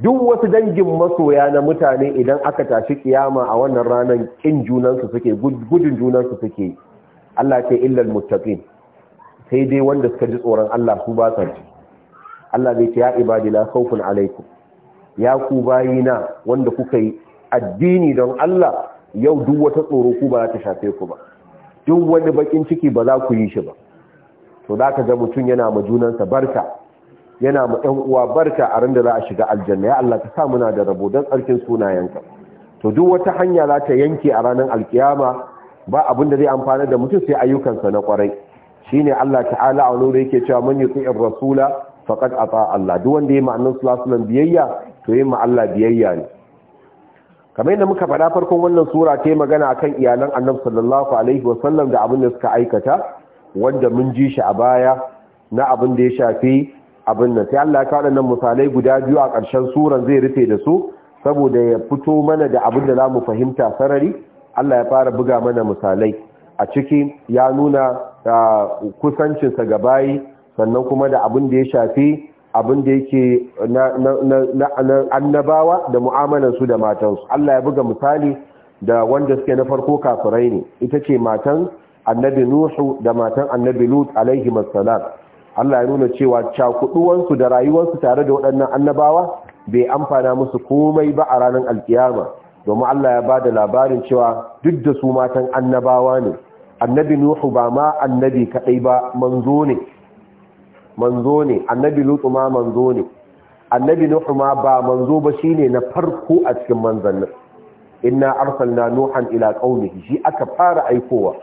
duk wasu dangin masoya na mutane idan aka tashi kiyama a wannan ranar kin junansu suke gudun junansu suke Allah ce illa almuttaqin sai dai wanda suka ji tsoron Allah su ba sa ji Allah zai ce ya ibadi la khawfun alaikum ya ku bayina wanda kuka yi addini don Allah yau duk wata tsoro ku ba za ta shafe ku ba duk wani bakin ciki ba za ku yi shi ba to za ka ga mutum yana ma junansa barka yana ma ɗan uwa barka a ran da za a shiga aljanna ya Allah ka sa muna da rabo don tsarkin sunayenka to duk wata hanya za ta yanke a ranar alkiyama ba abin da zai amfana da mutum sai ayyukansa na kwarai ne Allah ta'ala a wani yake cewa man yuti'ir rasula faqad ata Allah duk wanda ya ma'anar sallallahu biyayya to yi ma Allah biyayya ne kamar yadda muka faɗa farkon wannan sura ta yi magana akan iyalan annabi sallallahu alaihi wasallam da abin da suka aikata wanda mun ji shi a baya na abin da ya shafi abin nan sai Allah ya kawo nan misalai guda biyu a ƙarshen suran zai rufe da su saboda ya fito mana da abin da zamu fahimta sarari Allah ya fara buga mana misalai a ciki ya nuna kusancinsa ga bayi sannan kuma da abin da ya shafi abin da yake na annabawa da su da matansu Allah ya buga misali da wanda suke na farko kafirai ne ita ce matan annabi nuhu da matan annabi lut alaihi assalam Allah ya nuna cewa cakuduwansu da rayuwarsu tare da waɗannan annabawa bai amfana musu komai ba a ranar alkiyama domin Allah ya bada labarin cewa duk da su matan annabawa ne annabi nuhu ba ma annabi kadai ba manzo ne manzo ne annabi lutu ma manzo ne annabi nuhu ma ba manzo ba shine na farko a cikin manzannin inna arsalna nuhan ila qaumihi shi aka fara aikowa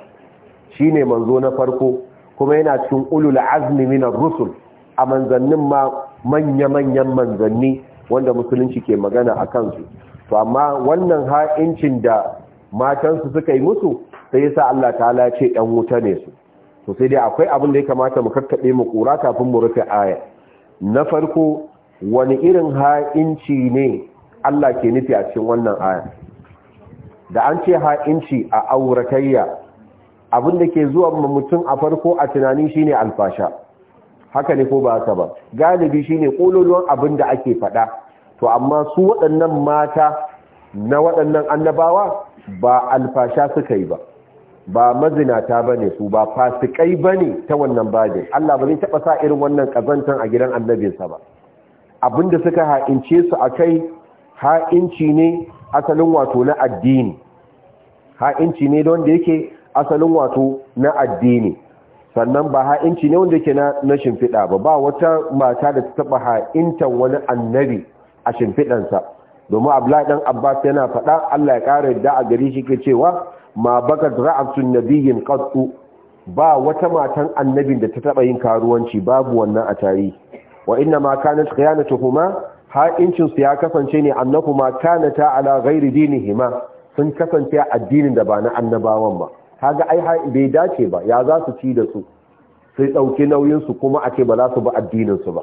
Shi ne manzo na farko kuma yana cikin ulul azmi minar rusul a manzannin ma manya-manyan manzanni wanda musulunci ke magana a kansu to amma wannan ha'incin da matansu suka yi musu sai yasa Allah ta'ala ya ce ɗan wuta ne su to sai dai akwai abin da ya kamata mu kakkaɓe mu kura kafin mu rufe aya na farko wani irin ha'inci ne Allah ke nufi a cikin wannan aya da an ce ha'inci a auratayya abin da ke zuwa mutum a farko a tunani shine alfasha haka ne ko ba haka ba galibi shine kololuwan abin da ake faɗa to amma su waɗannan mata na waɗannan annabawa ba alfasha suka yi ba ba mazinata ba ne su ba fasikai ba ne ta wannan bajin Allah ba zai taɓa sa irin wannan ƙazantar a gidan annabinsa ba abinda suka ha'ince su a kai ha'inci ne asalin wato na addini ha'inci ne da wanda yake asalin wato na addini sannan ba ha'inci ne wanda ke na shimfiɗa ba ba wata mata da ta taɓa ha'intan wani annabi a shimfiɗansa domin abla ɗan abbas yana faɗa allah ya ƙara yadda a gari shi ke cewa ma baka ra'abtun nabiyin qattu ba wata matan annabin da ta taɓa yin karuwanci babu wannan a tarihi wa inna ma kayana tuhuma ha'incin su ya kasance ne annahuma ta ala ghairi dinihima sun kasance a addinin da ba na annabawan ba kaga ai bai dace ba ya za su ci da su sai ɗauki nauyinsu kuma a ce ba za su ba addininsu ba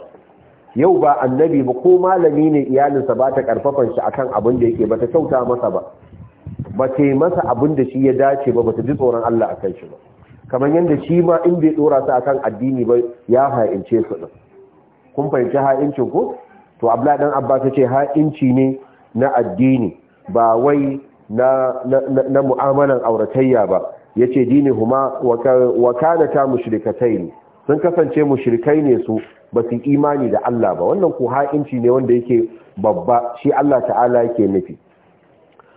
yau ba annabi ba ko malami ne iyalinsa ba ta karfafan shi akan abin da yake ba ta kyauta masa ba ba ta masa abin da shi ya dace ba ba ta ji tsoron Allah a kan shi ba kamar yadda shi ma in bai dora su akan addini ba ya ha'ince su din kun fahimci ha'incin ko to abla dan abba ta ce ha'inci ne na addini ba wai na na mu'amalan auratayya ba Ya yace dini Huma kana ta ne, sun kasance mushrikai ne su ba su imani da Allah ba wannan ku ha'inci ne wanda yake babba shi Allah ta'ala yake nufi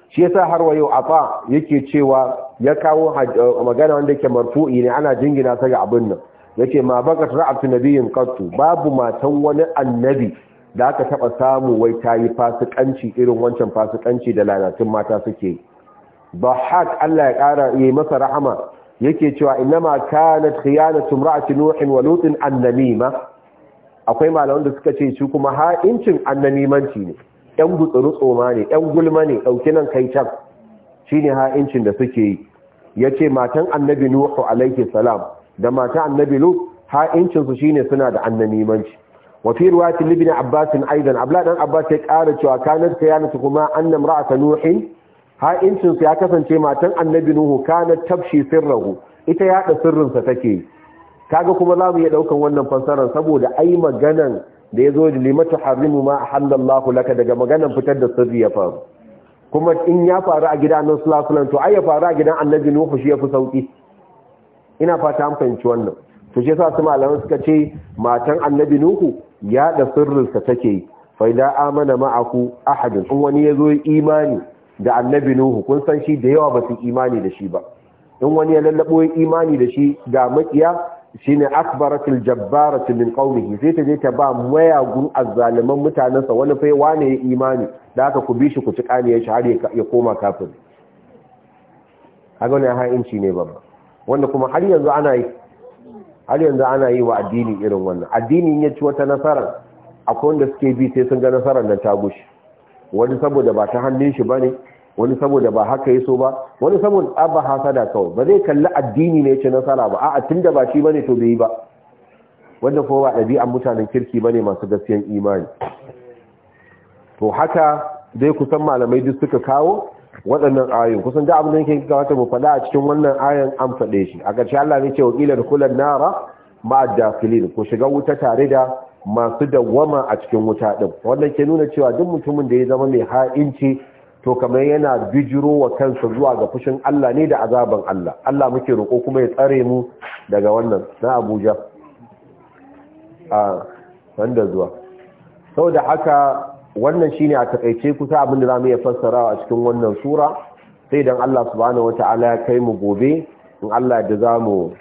shi yasa har wayo afa yake cewa ya kawo eh, magana wanda yake marfu'i ne ana jingina sa ga abin nan yace ma bakat ra'atu nabiyin qattu babu matan wani annabi da aka taba samu wai tayi fasikanci irin wancan fasikanci da lalatun mata suke yi bahak Allah ya kara yi masa rahama yake cewa inma kanat khiyanatu imra'ati nuhin wa lutin annamima akwai malaman da suka ce shi kuma ha'incin annamimanci ne yan gutsuru tsoma ne yan gulma ne dauki nan kai can shine ha'incin da suke yi yace matan annabi nuhu alaihi salam da matan annabi lut ha'incin su shine suna da annamimanci wa fi riwayati ibn abbas aidan abla dan abbas ya kara cewa kanat khiyanatu kuma annam ra'ata nuhin ha'incinsu ya kasance matan annabi nuhu kana tabshi sirrahu ita yaɗa sirrinsa take kaga kuma za mu iya ɗaukan wannan fassarar saboda ai maganan da ya zo da limatu harimu ma a hallallahu laka daga maganan fitar da sirri ya faru kuma in ya faru a gidan annabi sallallahu to ai ya faru a gidan annabi nuhu shi ya fi sauki ina fata an fahimci wannan to shi yasa su malaman suka ce matan annabi nuhu yaɗa sirrinsa take fa idan amana ma'aku ahadin in wani ya zo imani da annabi nuhu kun san shi da yawa ba su imani da shi ba in wani ya lallabo ya imani da shi ga makiya shine akbaratul jabbaratu min qaumihi sai ta je ta ba mayagun azzaliman mutanansa wani fa wane ya imani da haka ku bi shi ku ci kaniya shi har ya koma kafir kaga ne ha'inci ne babba wanda kuma har yanzu ana yi har yanzu ana yi wa addini irin wannan addinin ya ci wata nasara akwai wanda suke bi sai sun ga nasarar nan ta gushi wani saboda ba ta hannun shi ba ne wani saboda ba haka ya so ba wani saboda abba hasada kawai ba zai kalli addini ne ce nasara ba a'a da ba shi ba ne to bai yi ba wanda kuma ba ɗabi'an mutanen kirki bane masu gaskiyan imani to haka zai kusan malamai duk suka kawo waɗannan ayoyin kusan da abin da yake wata mu faɗa a cikin wannan ayan an faɗe shi a ƙarshe Allah ne ce wa qila nara ma'a dafilin ku shiga wuta tare da masu dawwama a cikin wuta din wannan ke nuna cewa duk mutumin da ya zama mai ha'inci to kamar yana bijiro wa kansa zuwa ga fushin Allah ne da azaban Allah Allah muke roƙo kuma ya tsare mu daga wannan na Abuja a wanda zuwa saboda haka wannan shine a takaice kusa abin da zamu iya fassarawa a cikin wannan sura sai dan Allah subhanahu wataala ya kai mu gobe in Allah da za mu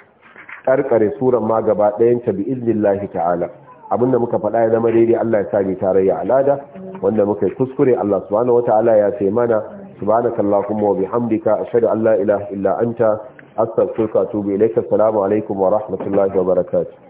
karkare suran ma gaba ɗayan ta bi iznillahi ta'ala abinda muka faɗa ya zama daidai Allah ya sa sani tarayya alada wanda muka yi kuskure Allah subhanahu wataala ya sai mana subhanaka allahumma wa bihamdika ashhadu an la ilaha illa anta astaghfiruka wa atubu ilayka assalamu alaikum wa rahmatullahi wa barakatuh